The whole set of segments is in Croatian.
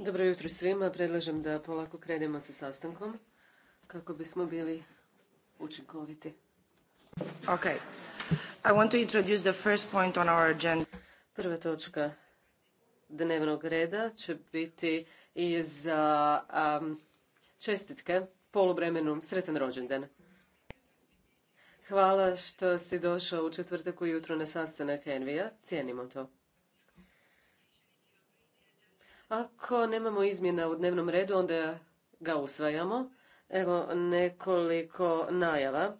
Dobro jutro svima. Predlažem da polako krenemo sa sastankom kako bismo bili učinkoviti. ok I want to introduce the first point on our agenda. Prva točka dnevnog reda će biti i za čestitke polubremenu sretan rođendan. Hvala što si došao u četvrtak ujutro na sastanak Envija. Cijenimo to. Ako nemamo izmjena u dnevnom redu, onda ga usvajamo. Evo nekoliko najava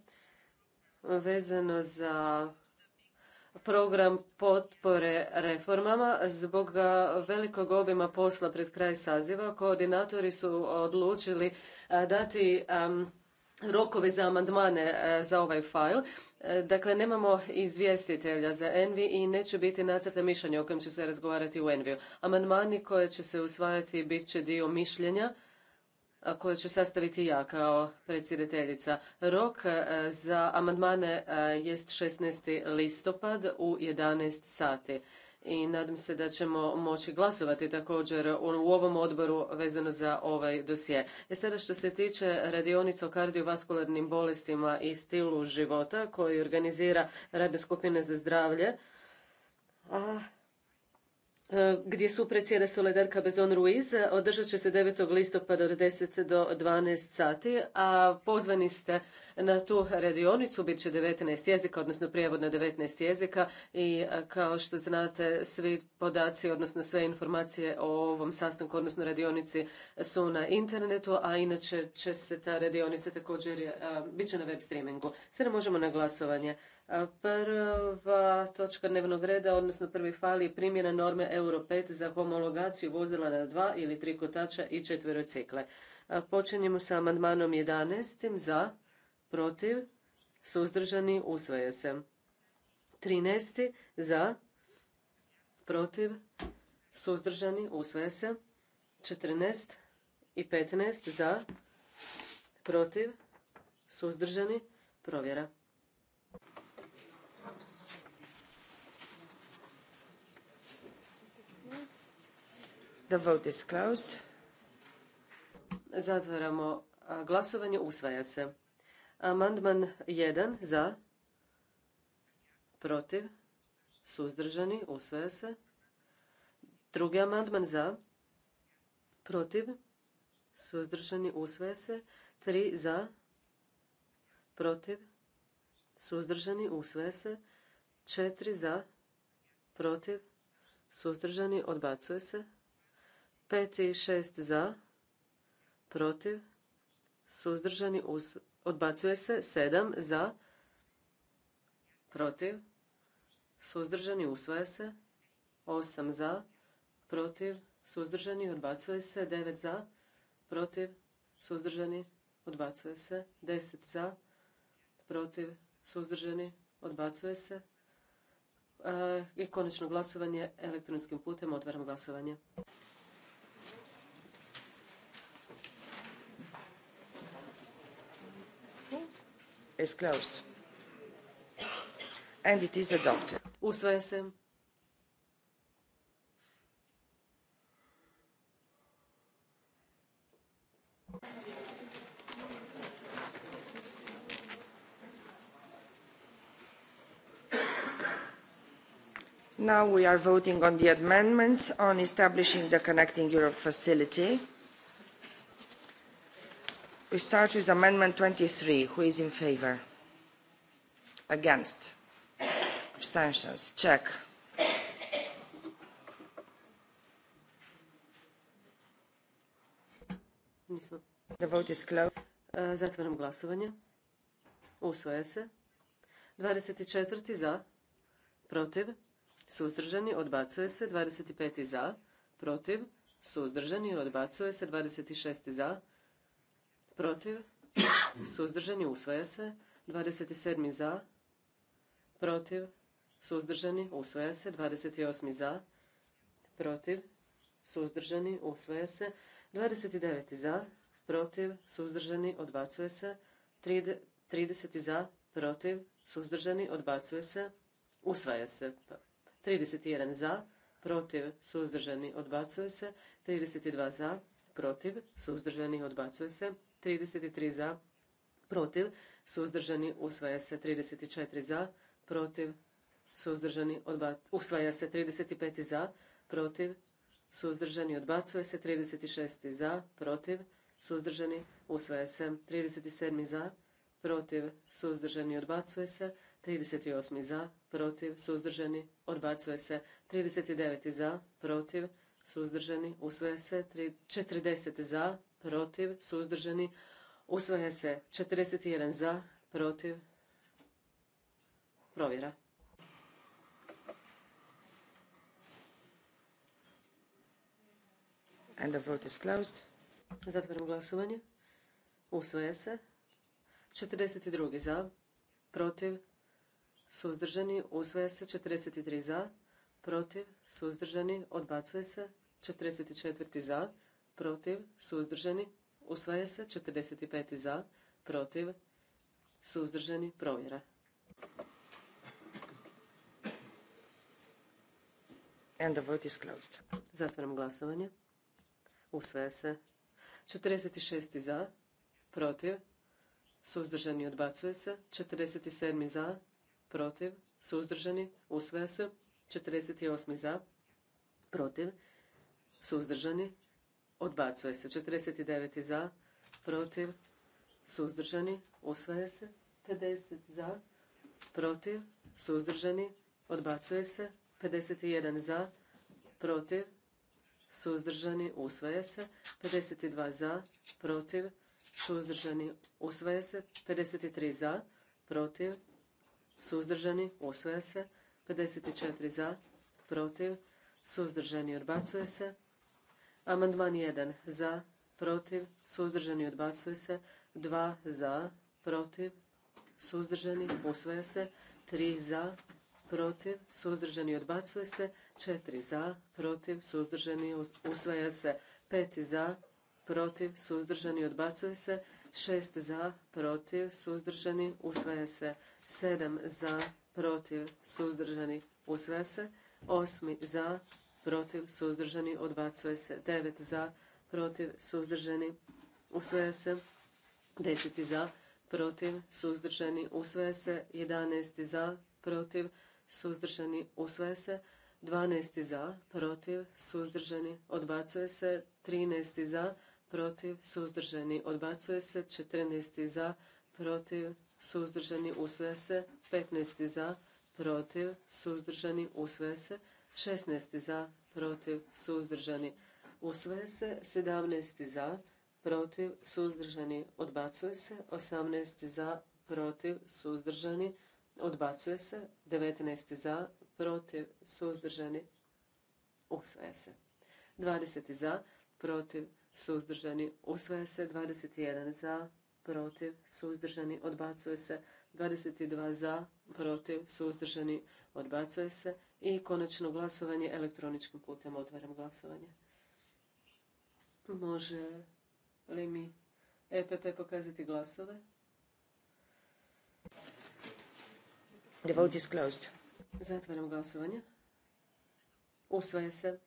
vezano za program potpore reformama. Zbog velikog obima posla pred kraj saziva koordinatori su odlučili dati rokove za amandmane e, za ovaj fajl. E, dakle, nemamo izvjestitelja za Envi i neće biti nacrta mišljenja o kojem će se razgovarati u Enviju. Amandmani koje će se usvajati bit će dio mišljenja koje ću sastaviti ja kao predsjedateljica. Rok e, za amandmane jest 16. listopad u 11 sati i nadam se da ćemo moći glasovati također u ovom odboru vezano za ovaj dosje. E sada što se tiče radionica o kardiovaskularnim bolestima i stilu života koji organizira radne skupine za zdravlje, a E, gdje su predsjeda Soledarka Bezon Ruiz e, održat će se 9. listopada od 10 do 12 sati, a pozvani ste na tu radionicu, bit će 19 jezika, odnosno prijevod na 19 jezika i e, kao što znate svi podaci, odnosno sve informacije o ovom sastanku, odnosno radionici su na internetu, a inače će se ta radionica također, bit će na web streamingu. Sada možemo na glasovanje. Prva točka dnevnog reda, odnosno prvi fali primjena norme Euro 5 za homologaciju vozila na dva ili tri kotača i cikle. Počinjemo sa amandmanom 11. za, protiv, suzdržani, usvaja se. 13. za, protiv, suzdržani, usvaja se. 14. i 15. za, protiv, suzdržani, provjera. The vote is closed. Zatvaramo glasovanje. Usvaja se. Amandman 1 za, protiv, suzdržani. Usvaja se. Drugi amandman za, protiv, suzdržani. Usvaja se. 3 za, protiv, suzdržani. Usvaja se. četiri za, protiv, suzdržani. Odbacuje se. 5 i 6 za, protiv, suzdržani, uz, odbacuje se. 7 za, protiv, suzdržani, usvaja se. 8 za, protiv, suzdržani, odbacuje se. 9 za, protiv, suzdržani, odbacuje se. 10 za, protiv, suzdržani, odbacuje se. E, I konačno glasovanje elektronskim putem otvaram glasovanje. is closed. And it is adopted. Now we are voting on the amendments on establishing the Connecting Europe facility. We start with amendment 23. Who is in favor? Against? Abstentions? Check. Nisam. The vote is closed. E, zatvaram glasovanje. Usvaja se. 24. za. Protiv. Suzdržani. Odbacuje se. 25. za. Protiv. Suzdržani. Odbacuje se. 26. za Protiv protiv, suzdržani, usvaja se. 27. za, protiv, suzdržani, usvaja se. 28. za, protiv, suzdržani, usvaja se. 29. za, protiv, suzdržani, odbacuje se. 30. za, protiv, suzdržani, odbacuje se. Usvaja se. 31 za, protiv, suzdržani, odbacuje se. 32 za, protiv, suzdržani, odbacuje se. 33 za, protiv, suzdržani, usvaja se 34 za, protiv, suzdržani, odba, usvaja se 35 za, protiv, suzdržani, odbacuje se 36 za, protiv, suzdržani, usvaja se 37 za, protiv, suzdržani, odbacuje se 38 za, protiv, suzdržani, odbacuje se 39 za, protiv, suzdržani, usvaja se 40 za, protiv, suzdržani, usvaja se 41 za, protiv, provjera. And the vote is closed. Zatvaram glasovanje. Usvaja se. 42 za, protiv, suzdržani, usvaja se. 43 za, protiv, suzdržani, odbacuje se. 44 za, protiv, suzdržani, usvaja se. 45. za, protiv, suzdržani, provjera. And the vote is closed. Zatvaram glasovanje. Usvaja se. 46. za, protiv, suzdržani odbacuje se. 47. za, protiv, suzdržani, usvaja se. 48. za, protiv, suzdržani, Odbacuje se. 49. za, protiv, suzdržani, usvaja se. 50 za, protiv, suzdržani, odbacuje se. 51 za, protiv, suzdržani, usvaja se. 52 za, protiv, suzdržani, usvaja se. 53 za, protiv, suzdržani, usvaja se. 54 za, protiv, suzdržani, odbacuje se. Amandman 1 za, protiv, suzdržani odbacuje se. 2 za, protiv, suzdržani usvaja se. 3 za, protiv, suzdržani odbacuje se. 4 za, protiv, suzdržani usvaja se. 5 za, protiv, suzdržani odbacuje se. 6 za, protiv, suzdržani usvaja se. 7 za, protiv, suzdržani usvaja se. 8 za, protiv, suzdržani, odbacuje se. 9 za, protiv, suzdržani, usvaja se. 10 za, protiv, suzdržani, usvaja se. 11 za, protiv, suzdržani, usvaja se. 12 za, protiv, suzdržani, odbacuje se. 13 za, protiv, suzdržani, odbacuje se. 14 za, protiv, suzdržani, usvaja se. 15 za, protiv, suzdržani, usvaja se. 16 za, protiv, suzdržani, usvaja se. 17 za, protiv, suzdržani, odbacuje se. 18 za, protiv, suzdržani, odbacuje se. 19 za, protiv, suzdržani, usvaja se. 20 za, protiv, suzdržani, usvaja se. 21 za, protiv, suzdržani, odbacuje se. 22 za, protiv, suzdržani, odbacuje se i konačno glasovanje elektroničkim putem. Otvaram glasovanje. Može li mi EPP pokazati glasove? The vote is Zatvaram glasovanje. Usvaja se.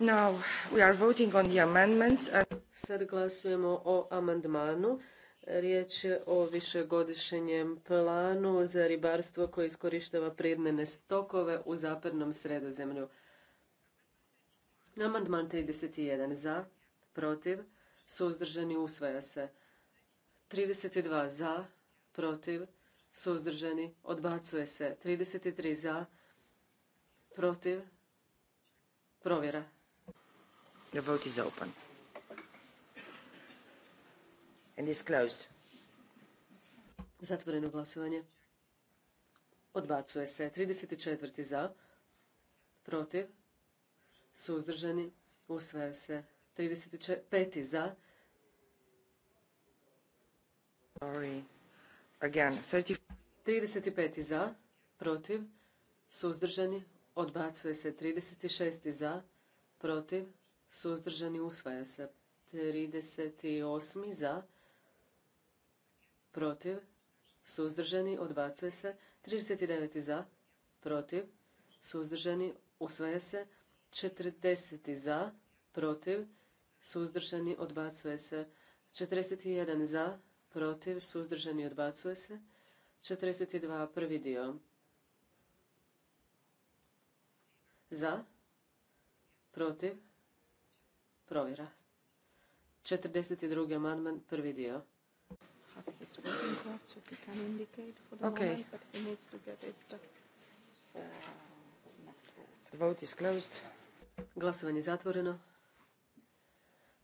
Now we are voting on the amendments Sad glasujemo o amandmanu Riječ je o višegodišnjem planu za ribarstvo koje iskorištava prirodne stokove u zapadnom sredozemlju. Amandman 31 za, protiv, suzdržani usvaja se. 32 za, protiv, suzdržani odbacuje se. 33 za, protiv, provjera. The vote and is closed. Zatvoreno glasovanje. Odbacuje se. 34. za. Protiv. Suzdržani. Usvaja se. 35. za. Sorry. Again. 35. za. Protiv. Suzdržani. Odbacuje se. 36. za. Protiv. Suzdržani. Usvaja se. 38. za protiv, suzdržani, odbacuje se. 39. za, protiv, suzdržani, usvaja se. 40. za, protiv, suzdržani, odbacuje se. 41. za, protiv, suzdržani, odbacuje se. 42. prvi dio. Za, protiv, provjera. 42. amandman, prvi dio it's working zatvoreno.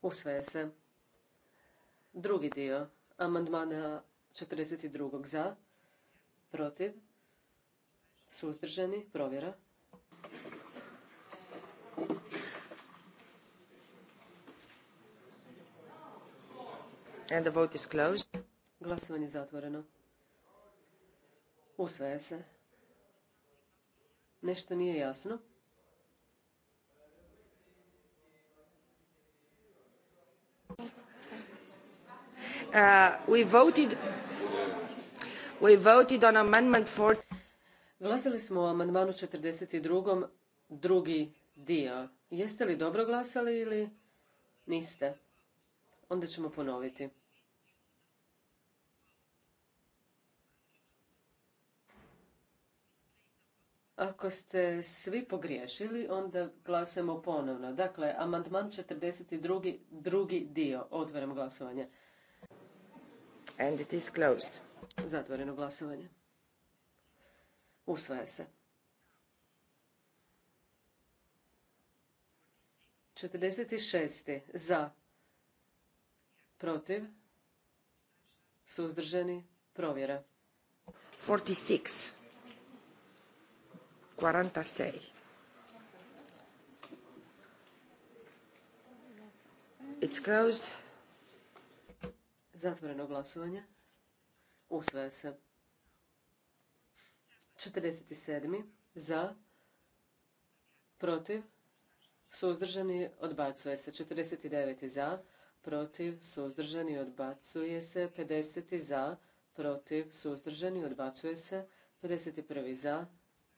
Usvaja se. Drugi dio amandmana 42. za, protiv, suzdržani, provjera. And the vote Glasovanje zatvoreno. Usvaja se. Nešto nije jasno. Uh, we voted, we Glasali smo o amandmanu 42. drugi dio. Jeste li dobro glasali ili niste? Onda ćemo ponoviti. Ako ste svi pogriješili, onda glasujemo ponovno. Dakle, amandman 42. drugi dio. Otvaram glasovanje. And it is closed. Zatvoreno glasovanje. Usvaja se. 46. Za. Protiv. Suzdržani. Provjera. 46. 46. It's closed. Zatvoreno glasovanje. Usvaja se. 47. Za. Protiv. Suzdržani odbacuje se. 49. Za. Protiv. Suzdržani odbacuje se. 50. Za. Protiv. Suzdržani odbacuje se. 51. Za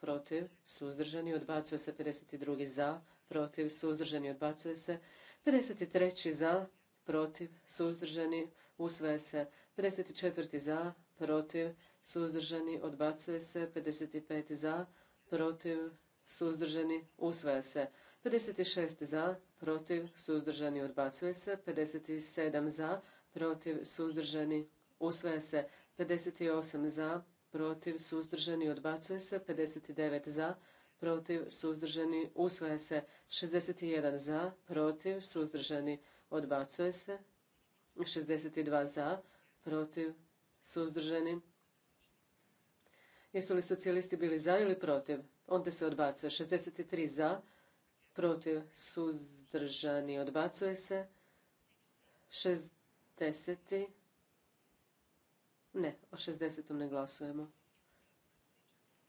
protiv, suzdržani, odbacuje se 52. za, protiv, suzdržani, odbacuje se 53. za, protiv, suzdržani, usvaja se 54. za, protiv, suzdržani, odbacuje se 55. za, protiv, suzdržani, usvaja se 56 za, protiv, suzdržani, odbacuje se. 57 za, protiv, suzdržani, usvaja se. 58 za, protiv, suzdržani, odbacuje se. 59 za, protiv, suzdržani, usvaja se. 61 za, protiv, suzdržani, odbacuje se. 62 za, protiv, suzdržani. Jesu li socijalisti bili za ili protiv? Onda se odbacuje. 63 za, protiv, suzdržani, odbacuje se. 60 ne, o 60. ne glasujemo.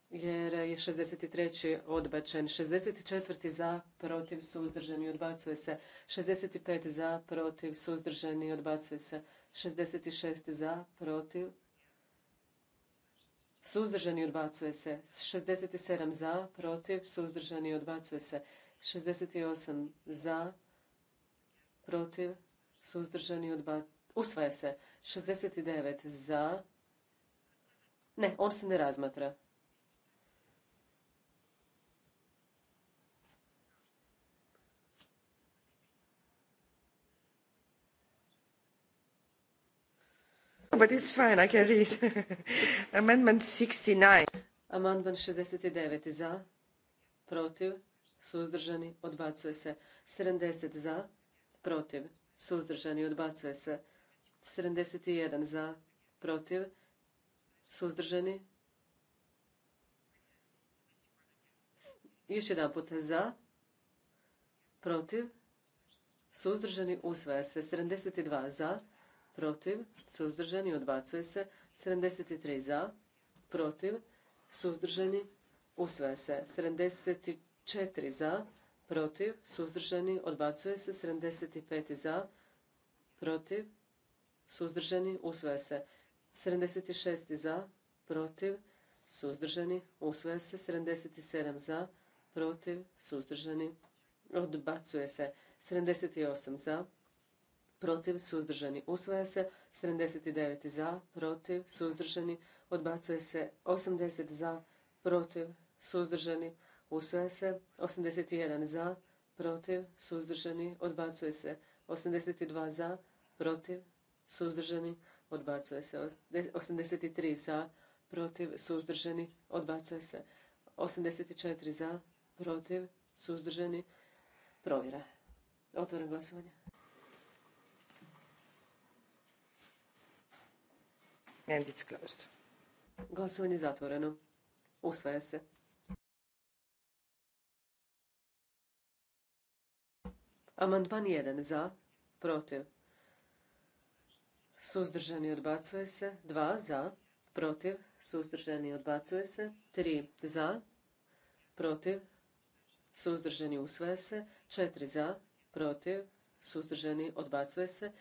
Jer je 63. odbačen. 64. za, protiv, suzdržani, odbacuje se. 65. za, protiv, suzdržani, odbacuje se. 66. za, protiv, suzdržani, odbacuje se. 67. za, protiv, suzdržani, odbacuje se. 68. za, protiv, suzdržani, odbacuje Usvaja se. 69 za. Ne, on se ne razmatra. But it's fine, I can read. Amendment 69. Amandman 69 za, protiv, suzdržani, odbacuje se. 70 za, protiv, suzdržani, odbacuje se. 71 za, protiv, suzdržani. Još jedan put. za, protiv, suzdržani, usvaja se. 72 za, protiv, suzdržani, odbacuje se. 73 za, protiv, suzdržani, usvaja se. 74 za, protiv, suzdržani, odbacuje se. 75 za, protiv, suzdržani, usvaja se. 76. za, protiv, suzdržani, usvaja se. 77. za, protiv, suzdržani, odbacuje se. 78. za, protiv, suzdržani, usvaja se. 79. za, protiv, suzdržani, odbacuje se. 80. za, protiv, suzdržani, usvaja se. 81. za, protiv, suzdržani, odbacuje se. 82. za, protiv, suzdržani, odbacuje se. 83 za, protiv, suzdržani, odbacuje se. 84 za, protiv, suzdržani, provjera. Otvoreno glasovanje. Glasovanje zatvoreno. Usvaja se. Amandman 1 za, protiv, suzdržani odbacuje se, 2 za, protiv, suzdržani odbacuje se, 3 za, protiv, suzdržani usveje se, 4 za, protiv, suzdržani odbacuje se,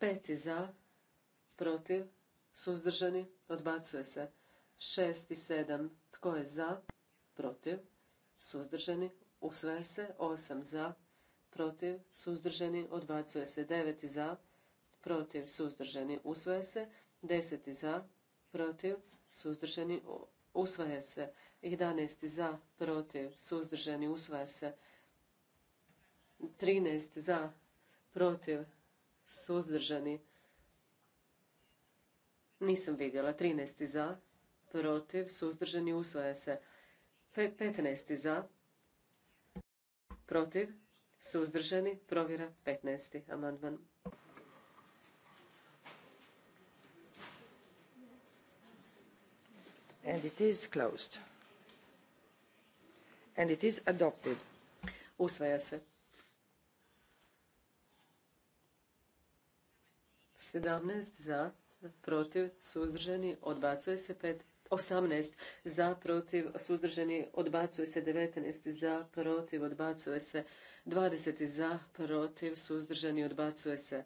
5 za, protiv, suzdržani odbacuje se, 6 i 7 tko je za, protiv, suzdržani usve se, 8 za, protiv, suzdržani odbacuje se, 9 za, protiv, suzdržani, usvaja se. 10 za, protiv, suzdržani, usvaja se. 11 za, protiv, suzdržani, usvaja se. 13 za, protiv, suzdržani. Nisam vidjela. 13 za, protiv, suzdržani, usvaja se. 15 za, protiv, suzdržani, provjera 15. Amandman and it is closed and it is adopted usvaja se 17 za protiv suzdržani odbacuje se 5 18 za protiv suzdržani odbacuje se 19 za protiv odbacuje se 20 za protiv suzdržani odbacuje se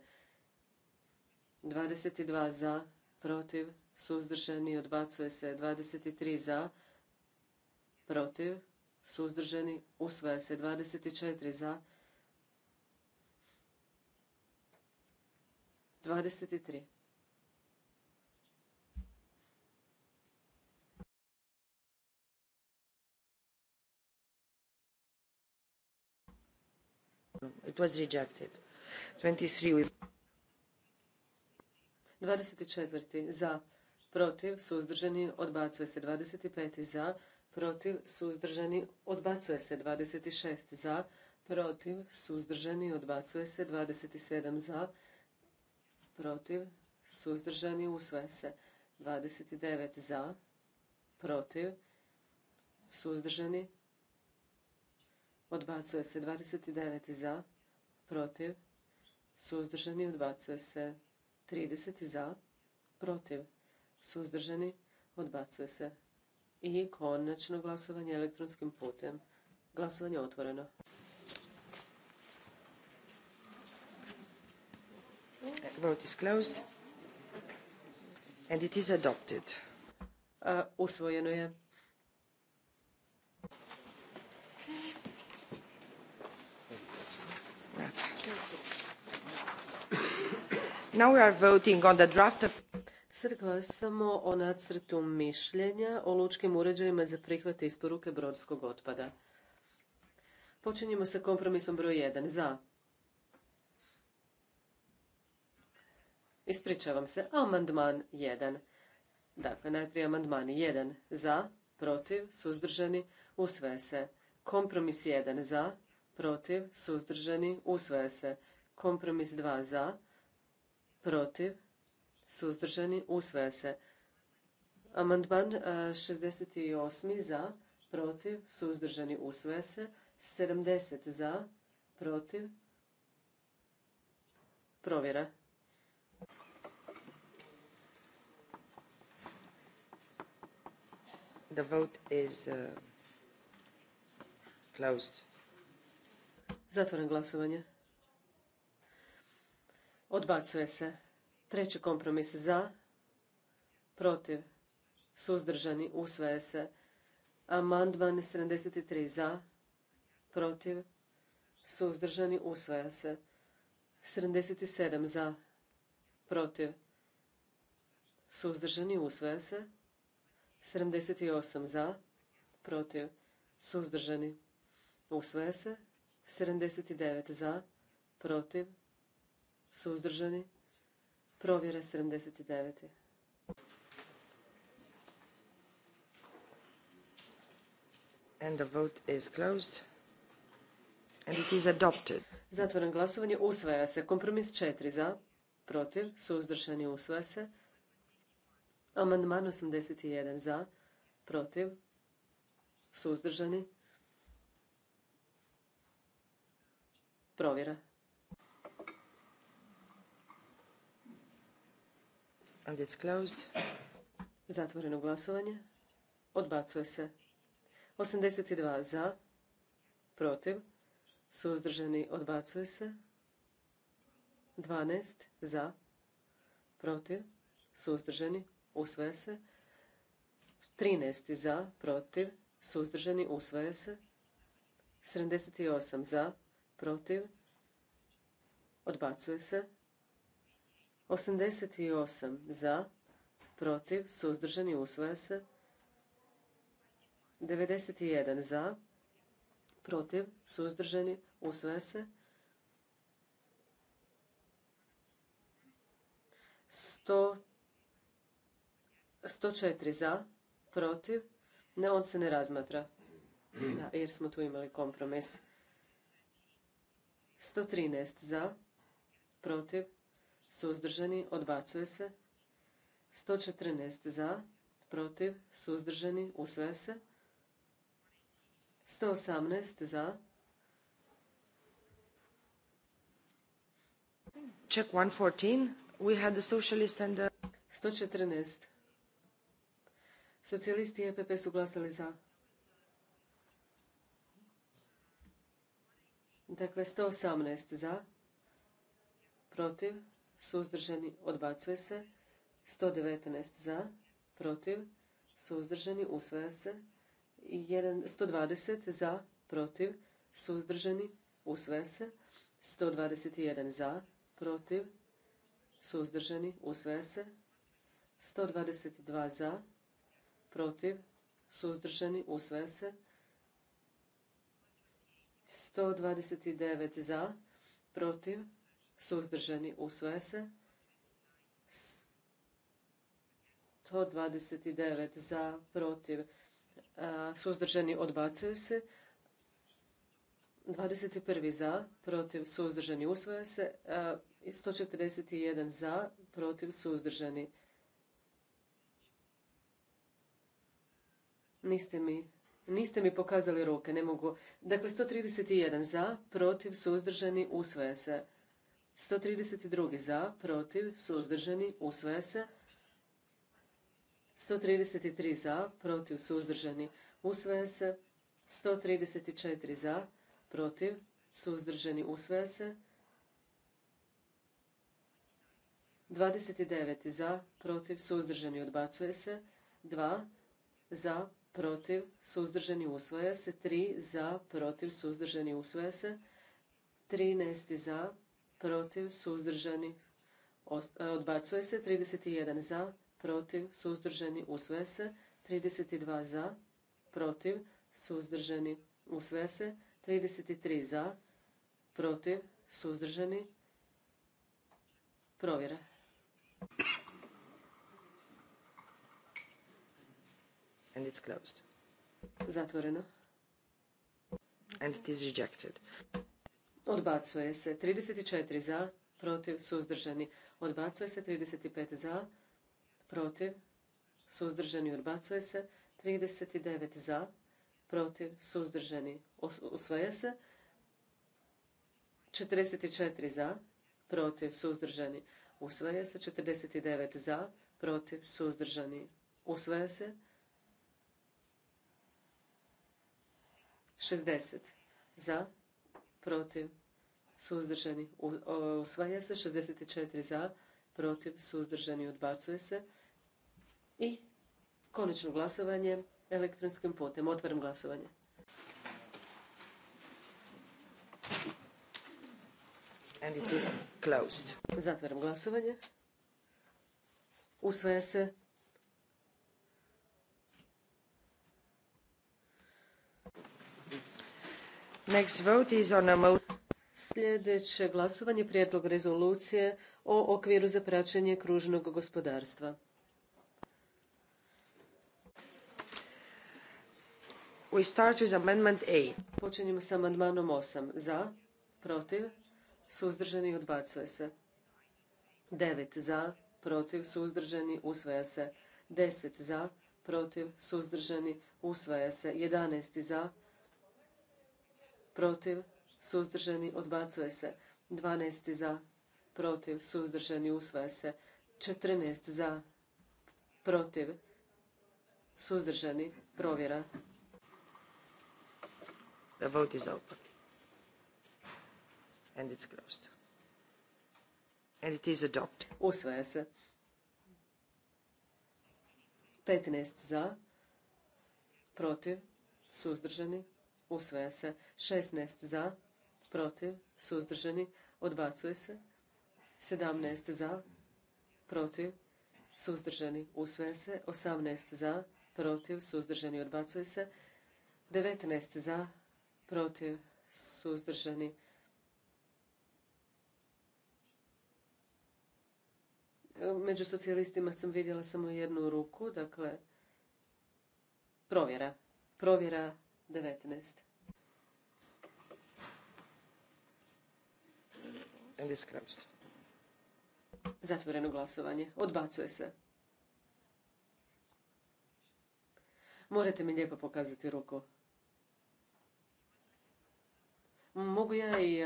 22 za protiv suzdržani, odbacuje se 23 za, protiv, suzdržani, usvaja se 24 za, 23. It was rejected. 23 we... 24. za protiv, suzdržani, odbacuje se 25. za, protiv, suzdržani, odbacuje se 26. za, protiv, suzdržani, odbacuje se 27. za, protiv, suzdržani, usvaja se 29. za, protiv, suzdržani, odbacuje se 29. za, protiv, suzdržani, odbacuje se 30. za, protiv, suzdržani, odbacuje se. I konačno glasovanje elektronskim putem. Glasovanje otvoreno. Vote is closed. And it is adopted. usvojeno je. Now we are voting on the draft Sad glasamo o nacrtu mišljenja o lučkim uređajima za prihvat isporuke brodskog otpada. Počinjemo sa kompromisom broj 1. Za. Ispričavam se. Amandman 1. Dakle, najprije amandman 1. Za, protiv, suzdržani, usvaja se. Kompromis 1. Za, protiv, suzdržani, usvaja se. Kompromis 2. Za, protiv, suzdržani, usvaja se. Amandman 68. E, za, protiv, suzdržani, usvaja se. 70 za, protiv, provjera. The vote is uh, closed. Zatvoren glasovanje. Odbacuje se. Treći kompromis za, protiv, suzdržani, usvaja se. Amandman 73 za, protiv, suzdržani, usvaja se. 77 za, protiv, suzdržani, usvaja se. 78 za, protiv, suzdržani, usvaja se. 79 za, protiv, suzdržani, Provjera 79. And the vote is closed. And it is adopted. Zatvoren glasovanje usvaja se. Kompromis 4 za, protiv, suzdržani usvaja se. Amandman 81 za, protiv, suzdržani. Provjera. And it's closed. Zatvoreno glasovanje. Odbacuje se. 82 za, protiv, suzdržani odbacuje se. 12 za, protiv, suzdržani, usvaja se. 13 za, protiv, suzdržani, usvaja se. 78 za, protiv, odbacuje se. 88 za, protiv, suzdržani, usvaja se. 91 za, protiv, suzdržani, usvaja se. 100, 104 za, protiv, ne, on se ne razmatra, jer smo tu imali kompromis. 113 za, protiv, suzdržani, odbacuje se. 114 za, protiv, suzdržani, Usve se. 118 za. Check 114. We had the socialist and the... 114. Socijalisti i EPP su glasali za. Dakle, 118 za, protiv, suzdržani, odbacuje se. 119 za, protiv, suzdržani, usvaja se. 120 za, protiv, suzdržani, usvaja se. 121 za, protiv, suzdržani, usvaja se. 122 za, protiv, suzdržani, usvaja se. 129 za, protiv, suzdržani, usvoje se. 129 e, za, protiv, suzdržani, odbacuje se. 21 za, protiv, suzdržani, usvoje se. 141 za, protiv, suzdržani. Niste mi Niste mi pokazali ruke, ne mogu. Dakle, 131 za, protiv, suzdržani, usvoje se. 132. za, protiv, suzdržani, usvaja se. 133 za, protiv, suzdržani, usvaja se. 134 za, protiv, suzdržani, usvaja se. 29 za, protiv, suzdržani, odbacuje se. 2 za, protiv, suzdržani, usvaja se. 3 za, protiv, suzdržani, usvaja se. 13 za, protiv, suzdržani, e, odbacuje se. 31 za, protiv, suzdržani, usve se. 32 za, protiv, suzdržani, usve se. 33 za, protiv, suzdržani, provjera. And it's closed. Zatvoreno. And it is rejected. Odbacuje se 34 za, protiv, suzdržani. Odbacuje se 35 za, protiv, suzdržani. Odbacuje se 39 za, protiv, suzdržani. Usvaja se 44 za, protiv, suzdržani. Usvaja se 49 za, protiv, suzdržani. Usvaja se 60 za, protiv, suzdržani, usvaja se. 64 za, protiv, suzdržani, odbacuje se. I konačno glasovanje elektronskim putem. Otvaram glasovanje. And it is closed. Zatvaram glasovanje. Usvaja se. Next vote is on a Sljedeće glasovanje prijedlog rezolucije o okviru za praćenje kružnog gospodarstva. We start with amendment A. Počinjemo sa amandmanom 8. Za, protiv, suzdržani, odbacuje se. 9. Za, protiv, suzdržani, usvaja se. 10. Za, protiv, suzdržani, usvaja se. 11. Za, protiv, suzdržani, odbacuje se. 12 za, protiv, suzdržani, usvaja se. 14 za, protiv, suzdržani, provjera. The vote is open. And it's closed. And it is adopted. Usvaja se. 15 za, protiv, suzdržani, usvaja se. 16 za, protiv, suzdržani, odbacuje se. 17 za, protiv, suzdržani, usvaja se. 18 za, protiv, suzdržani, odbacuje se. 19 za, protiv, suzdržani, Među socijalistima sam vidjela samo jednu ruku, dakle, provjera. Provjera 19. Zatvoreno glasovanje. Odbacuje se. Morate mi lijepo pokazati ruku. Mogu ja i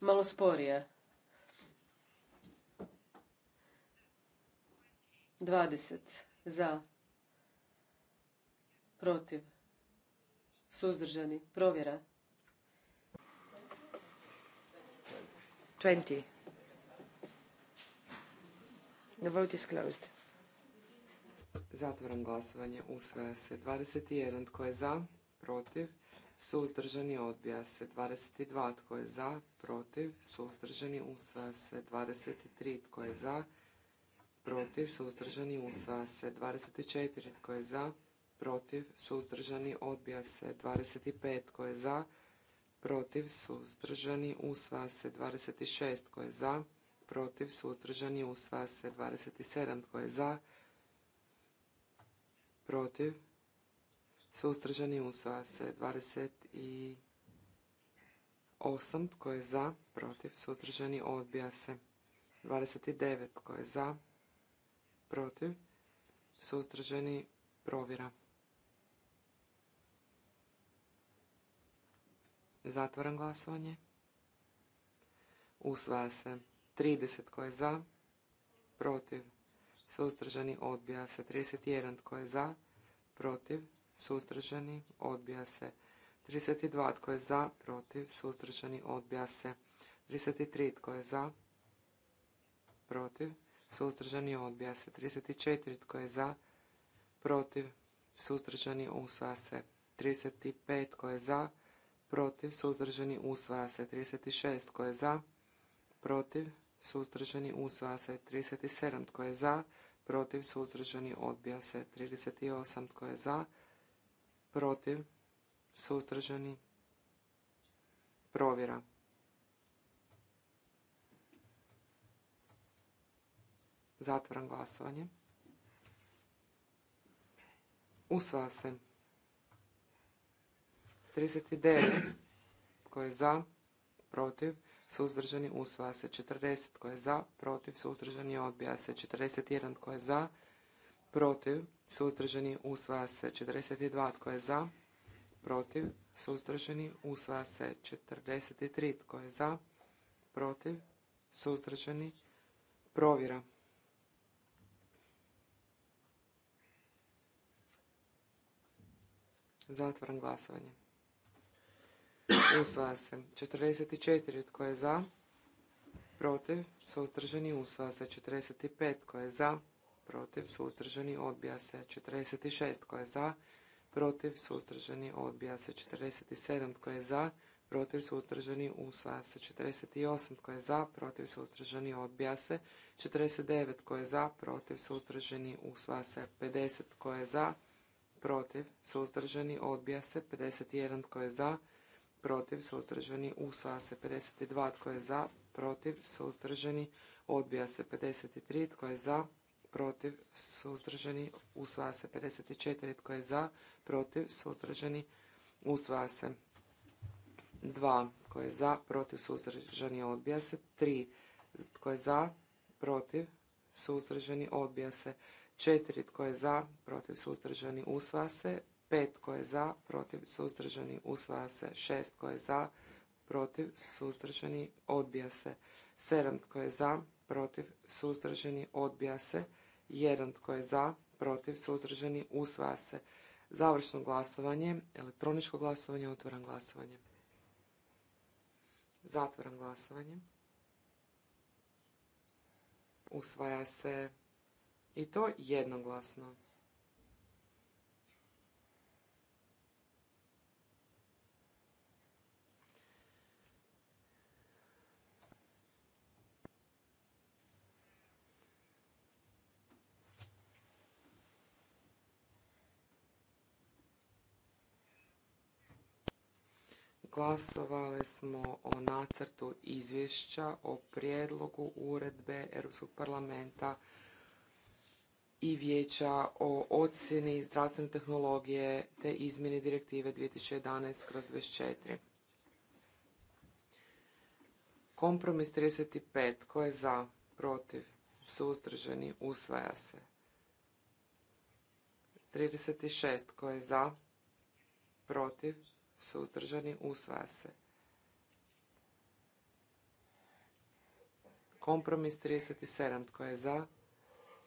malo sporije. 20 za protiv suzdržani provjera 20. The vote is closed. Zatvaram glasovanje. Usvaja se 21. Tko je za? Protiv. Suzdržani odbija se 22. Tko je za? Protiv. Suzdržani usvaja se 23. Tko je za? Protiv. Suzdržani usvaja se 24. Tko je za? Protiv. Suzdržani odbija se 25. Tko je za? Protiv protiv, suzdržani, usvaja se 26 tko je za, protiv, suzdržani, usvaja se 27 tko je za, protiv, suzdržani, usvaja se 28 tko je za, protiv, suzdržani, odbija se 29 tko je za, protiv, suzdržani, provjera. Zatvaram glasovanje. Usvaja se. 30 koje je za, protiv, suzdržani, odbija se. 31 tko je za, protiv, suzdržani, odbija se. 32 tko je za, protiv, suzdržani, odbija se. 33 tko je za, protiv, suzdržani, odbija se. 34 tko je za, protiv, suzdržani, usvaja se. 35 tko je za, protiv, suzdržani, usvaja se. 36 tko je za, protiv, suzdržani, usvaja se. 37 tko je za, protiv, suzdržani, odbija se. 38 tko je za, protiv, suzdržani, provjera. Zatvaram glasovanje. Usvaja se. 39. Tko je za? Protiv? Suzdržani? Usvaja se. 40. Tko je za? Protiv? Suzdržani? Odbija se. 41. Tko je za? Protiv? Suzdržani? Usvaja se. 42. Tko je za? Protiv? Suzdržani? Usvaja se. 43. Tko je za? Protiv? Suzdržani? Provjera. Zatvaram glasovanje usvaja se. 44 tko je za, protiv, suzdržani, usvaja se. 45 tko je za, protiv, suzdržani, odbija se. 46 tko je za, protiv, suzdržani, odbija se. 47 tko je za, protiv, suzdržani, usvaja se. 48 tko je za, protiv, suzdržani, odbija se. 49 tko je za, protiv, suzdržani, usvaja se. 50 tko je za, protiv, suzdržani, odbija se. 51 tko je za, protiv, suzdržani, usvaja se 52, tko je za, protiv, suzdržani, odbija se 53, tko je za, protiv, suzdržani, usvaja se 54, tko je za, protiv, suzdržani, usvaja se 2, tko je za, protiv, suzdržani, odbija se 3, tko je za, protiv, suzdržani, odbija se 4, tko je za, protiv, suzdržani, usvaja se 5 koje je za, protiv, suzdržani, usvaja se. 6 koje je za, protiv, suzdržani, odbija se. 7 koje je za, protiv, suzdržani, odbija se. 1 koje je za, protiv, suzdržani, usvaja se. Završno glasovanje, elektroničko glasovanje, otvoran glasovanje. Zatvoran glasovanje. Usvaja se i to jednoglasno. Glasovali smo o nacrtu izvješća o prijedlogu uredbe Europskog parlamenta i vijeća o ocjeni zdravstvene tehnologije te izmjeni direktive 2011/24. Kompromis 35. Ko je za? Protiv? Suzdržani? Usvaja se. 36. Ko je za? Protiv? suzdržani, usvaja se. Kompromis 37. Tko je za?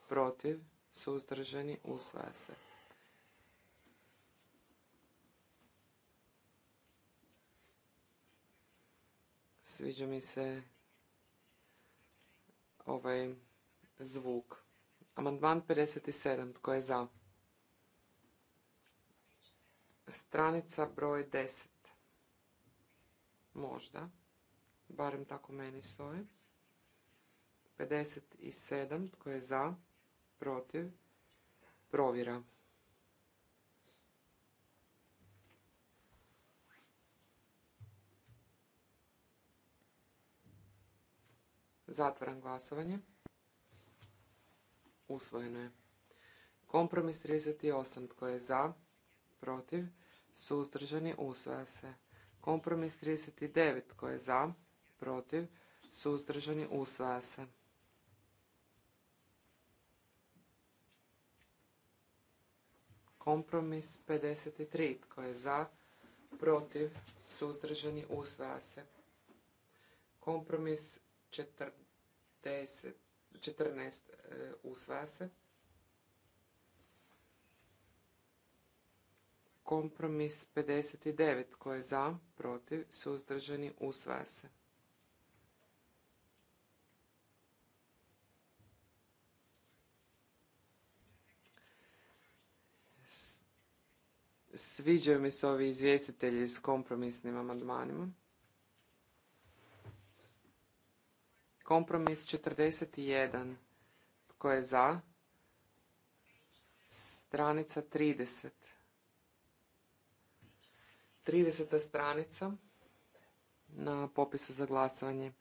Protiv? Suzdržani? Usvaja se. Sviđa mi se ovaj zvuk. Amandman 57. Tko je za? stranica broj 10. Možda. Barem tako meni stoji. 57. Tko je za? Protiv? Provjera. Zatvaram glasovanje. Usvojeno je. Kompromis 38. Tko je za? protiv, suzdržani, usvaja se. Kompromis 39 tko je za, protiv, suzdržani, usvaja se. Kompromis 53 tko je za, protiv, suzdržani, usvaja se. Kompromis 14 e, usvaja se. Kompromis 59. Tko je za? Protiv? Suzdržani? Usvaja se. Sviđaju mi se ovi izvjestitelji s kompromisnim amandmanima. Kompromis 41. Tko je za? Stranica 30. 30. stranica na popisu za glasovanje.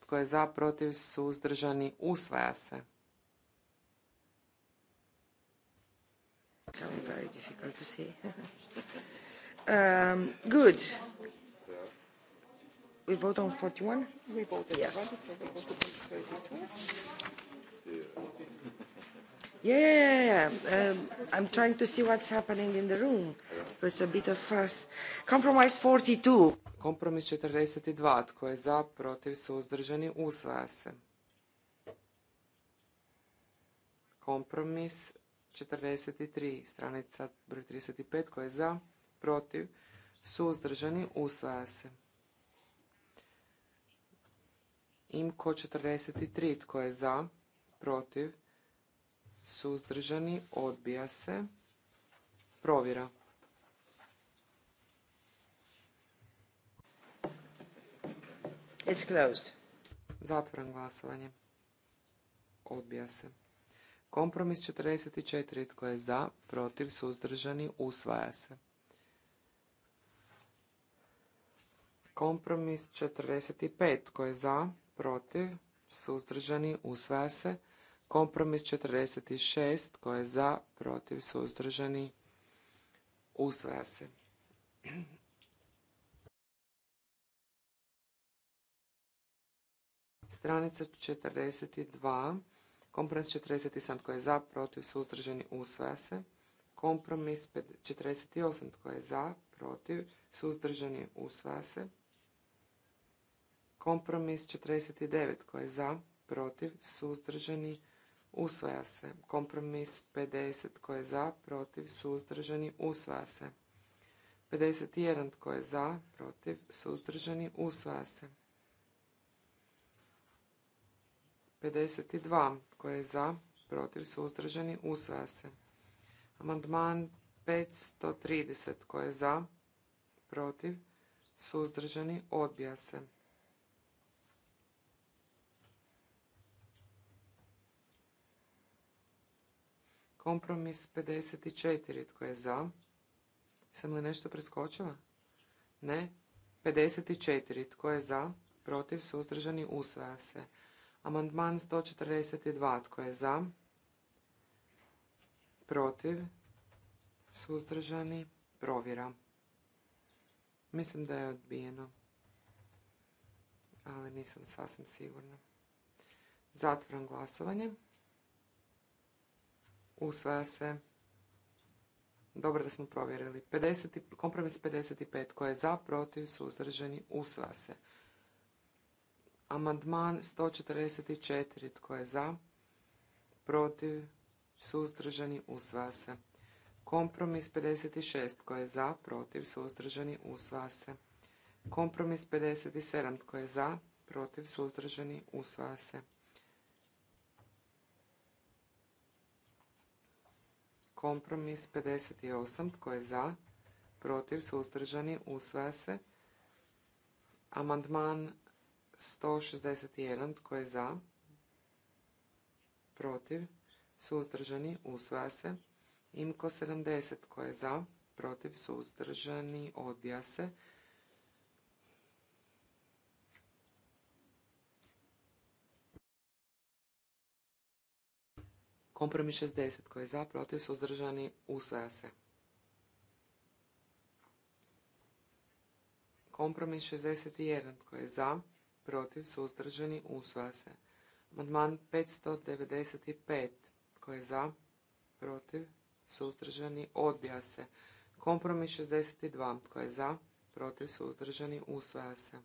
Tko je za, protiv, suzdržani, usvaja se. Very difficult to see. um, good. We vote on 41? We vote yes. Yeah, yeah, yeah. Um, I'm trying to see what's happening in the room of Compromise 42. Kompromis 42. Tko je za, protiv, suzdržani, usvaja se. Kompromis 43. Stranica broj 35. Tko je za, protiv, suzdržani, usvaja se. Imko 43. Tko je za, protiv, suzdržani, odbija se. Provjera. It's closed. Zatvoram glasovanje. Odbija se. Kompromis 44. Tko je za, protiv, suzdržani, usvaja se. Kompromis 45. Tko je za, protiv, suzdržani, usvaja se. Kompromis 46. Tko je za, protiv, suzdržani, usvaja se. Stranica 42, kompromis 47 tko je za, protiv, suzdržani, usvaja se. Kompromis 48 tko je za, protiv, suzdržani, usvaja se. Kompromis 49 tko je za, protiv, suzdržani, usvaja se. Kompromis 50 tko je za, protiv, suzdržani, usvaja se. 51 tko je za, protiv, suzdržani, usvaja se. 52. Tko je za? Protiv? Suzdržani? Usvaja se. Amandman 530. Tko je za? Protiv? Suzdržani? Odbija se. Kompromis 54. Tko je za? Sam li nešto preskočila? Ne. 54. Tko je za? Protiv? Suzdržani? Usvaja se. Amandman 142. Tko je za? Protiv? Suzdržani? Provjera. Mislim da je odbijeno. Ali nisam sasvim sigurna. Zatvoram glasovanje. Usvaja se. Dobro da smo provjerili. 50, kompromis 55 Tko je za, protiv, suzdržani, usvaja se. Amandman 144. Tko je za? Protiv? Suzdržani? Usvaja se. Kompromis 56. Tko je za? Protiv? Suzdržani? Usvaja se. Kompromis 57. Tko je za? Protiv? Suzdržani? Usvaja se. Kompromis 58. Tko je za? Protiv? Suzdržani? Usvaja se. Amandman 161. Tko je za? Protiv? Suzdržani? Usvaja se. Imko 70. Tko je za? Protiv? Suzdržani? Odbija se. Kompromis 60. Tko je za? Protiv? Suzdržani? Usvaja se. Kompromis 61. Tko je za? protiv, suzdržani, usvaja se. Amandman 595, koji je za, protiv, suzdržani, odbija se. Kompromis 62, tko je za, protiv, suzdržani, usvaja se.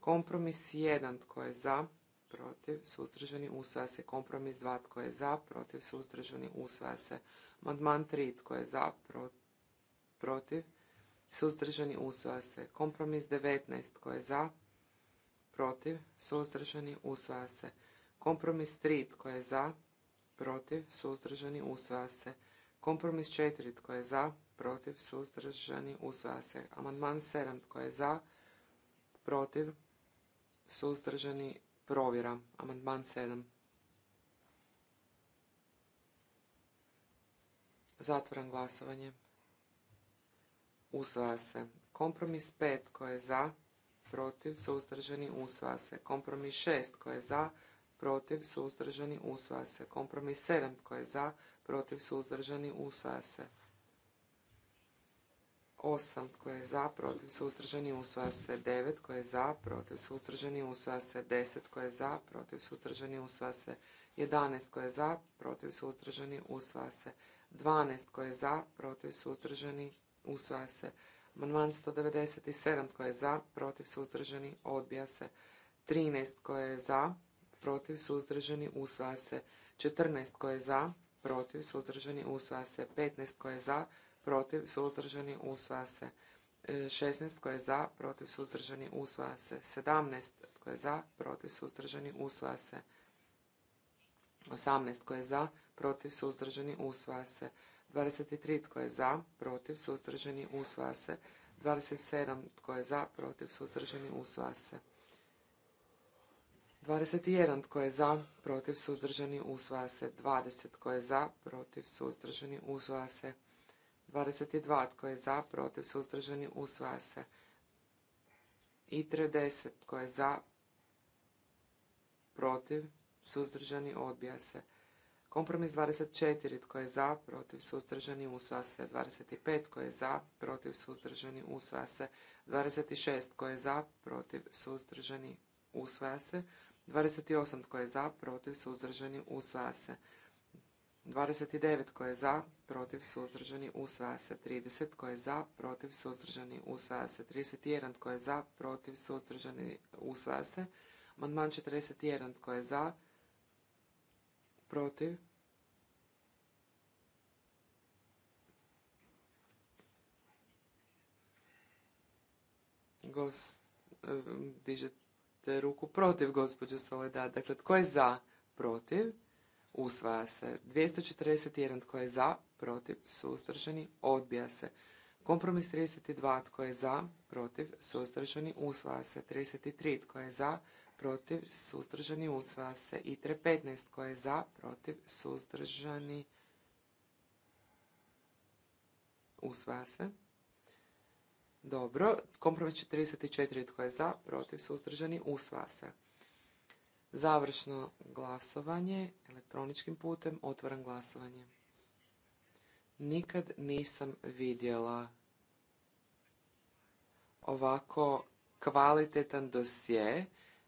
Kompromis 1, tko je za, protiv, suzdržani, usvaja se. Kompromis 2, tko je za, protiv, suzdržani, usvaja se. Amandman 3, tko je za, protiv, suzdržani, usvaja se. Kompromis 19, tko je za, protiv, suzdržani, usvaja se. Kompromis 3, tko je za, protiv, suzdržani, usvaja se. Kompromis 4, tko je za, protiv, suzdržani, usvaja se. Amandman 7, tko je za, protiv, suzdržani, provjera. Amandman 7. Zatvaram glasovanje. Usvaja se. Kompromis 5, tko je za, protiv, suzdržani, usvaja se. Kompromis 6 tko je za, protiv, suzdržani, usvaja se. Kompromis 7 tko je za, protiv, suzdržani, usvaja se. 8 tko je za, protiv, suzdržani, usvaja se. 9 tko je za, protiv, suzdržani, usvaja se. 10 tko je za, protiv, suzdržani, usvaja se. 11 tko je za, protiv, suzdržani, usvaja se. 12 tko je za, protiv, suzdržani, usvaja se. Amandman 197 tko je za, protiv suzdržani, odbija se. 13 tko je za, protiv suzdržani, usvaja se. 14 tko je za, protiv suzdržani, usvaja se. 15 tko je za, protiv suzdržani, usvaja se. 16 e, tko je za, protiv suzdržani, usvaja se. 17 tko je za, protiv suzdržani, usvaja se. 18 tko je za, protiv suzdržani, usvaja se. 23 tko je za, protiv, suzdržani, usvaja se. 27 tko je za, protiv, suzdržani, usvaja se. 21 tko je za, protiv, suzdržani, usvaja se. 20 tko je za, protiv, suzdržani, usvaja se. 22 tko je za, protiv, suzdržani, usvaja se. I 30 tko je za, protiv, suzdržani, odbija se. Kompromis 24. Tko je za, protiv, suzdržani, usvaja se. 25. Tko je za, protiv, suzdržani, usvaja se. 26. Tko je za, protiv, suzdržani, usvaja se. 28. Tko je za, protiv, suzdržani, usvaja se. 29. Tko je za, protiv, suzdržani, usvaja se. 30. Tko je za, protiv, suzdržani, usvaja se. 31. Tko je za, protiv, suzdržani, usvaja se. Amandman 41. Tko je za, protiv, e, dižete ruku protiv gospođe Soledad. Dakle, tko je za, protiv, usvaja se. 241, tko je za, protiv, suzdržani, odbija se. Kompromis 32, tko je za, protiv, suzdržani, usvaja se. 33, tko je za, protiv, suzdržani, usvaja se. tre 15 koje je za, protiv, suzdržani, usvaja se. Dobro, kompromis 44 tko je za, protiv, suzdržani, usvaja se. Završno glasovanje elektroničkim putem, otvoram glasovanje. Nikad nisam vidjela ovako kvalitetan dosje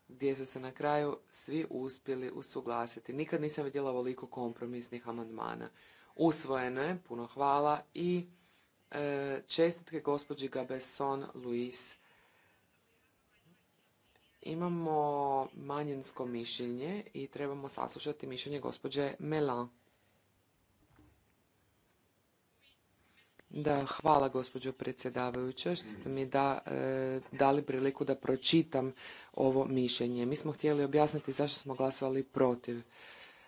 gdje su se na kraju svi uspjeli usuglasiti. Nikad nisam vidjela ovoliko kompromisnih amandmana. Usvojeno je, puno hvala i e, čestitke gospođi Gabeson Luis. Imamo manjinsko mišljenje i trebamo saslušati mišljenje gospođe Melan. Da, hvala gospođo predsjedavajuća što ste mi da, e, dali priliku da pročitam ovo mišljenje. Mi smo htjeli objasniti zašto smo glasovali protiv.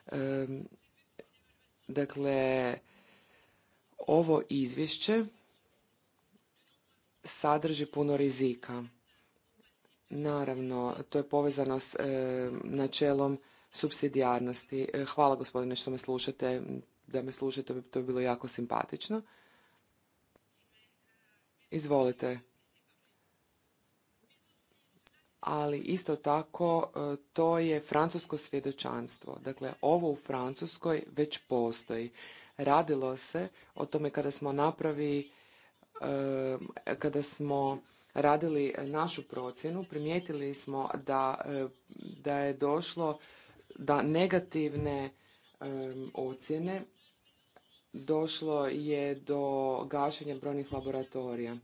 E, dakle, ovo izvješće sadrži puno rizika. Naravno, to je povezano s e, načelom subsidijarnosti. Hvala gospodine što me slušate, da me slušate, to bi bilo jako simpatično. Izvolite. Ali isto tako e, to je francusko svjedočanstvo. Dakle, ovo u Francuskoj već postoji. Radilo se o tome kada smo napravi, e, kada smo radili našu procjenu, primijetili smo da, e, da je došlo da negativne ocjene došlo je do gašenja brojnih laboratorija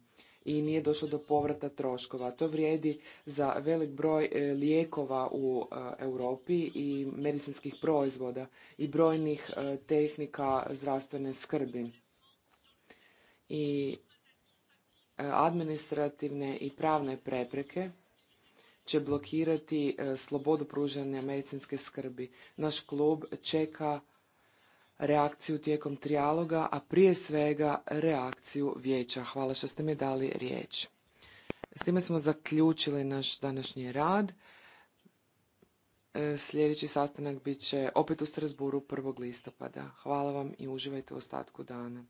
i nije došlo do povrata troškova. To vrijedi za velik broj e, lijekova u e, Europi i medicinskih proizvoda i brojnih e, tehnika zdravstvene skrbi. I administrativne i pravne prepreke će blokirati slobodu pružanja medicinske skrbi. Naš klub čeka reakciju tijekom trijaloga, a prije svega reakciju vijeća. Hvala što ste mi dali riječ. S time smo zaključili naš današnji rad. E, sljedeći sastanak bit će opet u Strasburu 1. listopada. Hvala vam i uživajte u ostatku dana.